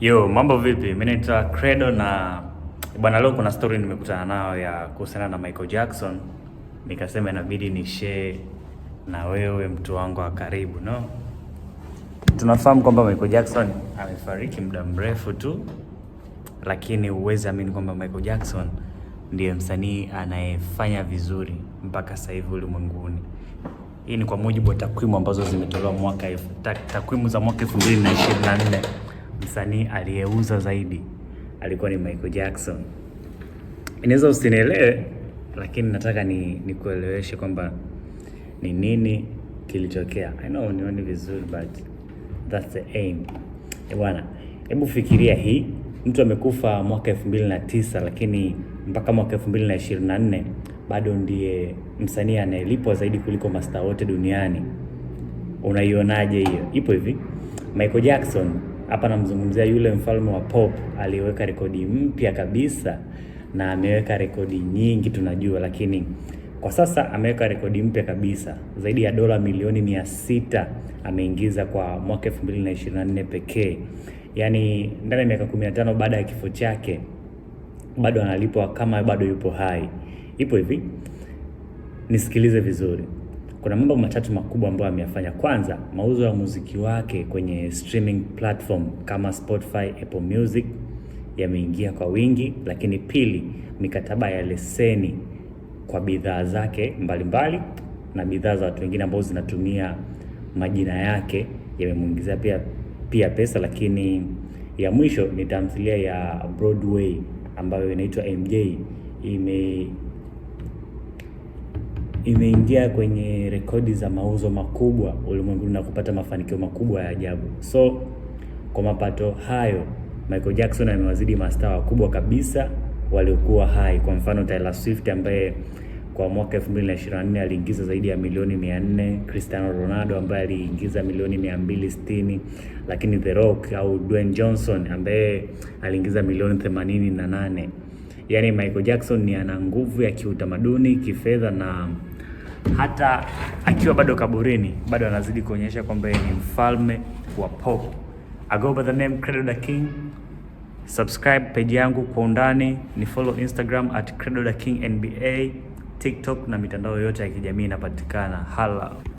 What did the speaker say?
Yo, mambo vipi? Mimi naitwa Credo na bwana, leo kuna story nimekutana nayo ya kuhusiana na Michael Jackson, nikasema inabidi ni share na wewe mtu wangu wa karibu no. Tunafahamu kwamba Michael Jackson amefariki muda mrefu tu, lakini huwezi amini kwamba Michael Jackson ndiye msanii anayefanya vizuri mpaka sasa hivi ulimwenguni. Hii ni kwa mujibu wa takwimu ambazo zimetolewa mwaka takwimu za mwaka 2024 msanii aliyeuza zaidi alikuwa ni Michael Jackson. Inaweza usinielewe, lakini nataka nikueleweshe kwamba ni nini kilitokea. I know unioni vizuri but that's the aim. E bwana, hebu fikiria hii, mtu amekufa mwaka tisa lakini mpaka mwaka nne bado ndiye msanii anayelipwa zaidi kuliko masta wote duniani. Unaionaje hiyo? Ipo hivi, Michael Jackson hapa namzungumzia yule mfalme wa pop aliweka rekodi mpya kabisa, na ameweka rekodi nyingi tunajua, lakini kwa sasa ameweka rekodi mpya kabisa, zaidi ya dola milioni mia sita ameingiza kwa mwaka 2024 pekee, yaani ndani ya miaka 15 baada ya kifo chake bado analipwa kama bado yupo hai. Ipo hivi, nisikilize vizuri kuna mambo matatu makubwa ambayo ameyafanya. Kwanza, mauzo ya muziki wake kwenye streaming platform kama Spotify, Apple Music yameingia kwa wingi, lakini pili, mikataba ya leseni kwa bidhaa zake mbalimbali mbali, na bidhaa za watu wengine ambao zinatumia majina yake yamemuingizia pia pia pesa. Lakini ya mwisho ni tamthilia ya Broadway ambayo inaitwa MJ ime imeingia kwenye rekodi za mauzo makubwa ulimwenguni na kupata mafanikio makubwa ya ajabu. So kwa mapato hayo Michael Jackson amewazidi mastaa wakubwa kabisa waliokuwa hai. Kwa mfano Taylor Swift ambaye kwa mwaka 2024 aliingiza zaidi ya milioni 400, Cristiano Ronaldo ambaye aliingiza milioni 260, lakini The Rock au Dwayne Johnson ambaye aliingiza milioni 88 yaani Michael Jackson ni ana nguvu ya kiutamaduni, kifedha na hata akiwa bado kaburini bado anazidi kuonyesha kwamba yeye ni mfalme wa pop. I go by the name Credo the King. Subscribe page yangu kwa undani, ni follow Instagram at Credo the King NBA, TikTok na mitandao yote ya kijamii inapatikana. Hala.